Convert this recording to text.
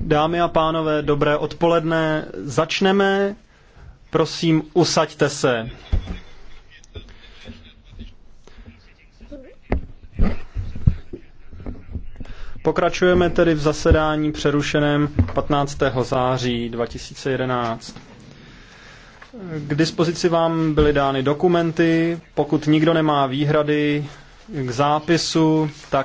Dámy a pánové, dobré odpoledne. Začneme. Prosím, usaďte se. Pokračujeme tedy v zasedání přerušeném 15. září 2011. K dispozici vám byly dány dokumenty. Pokud nikdo nemá výhrady k zápisu, tak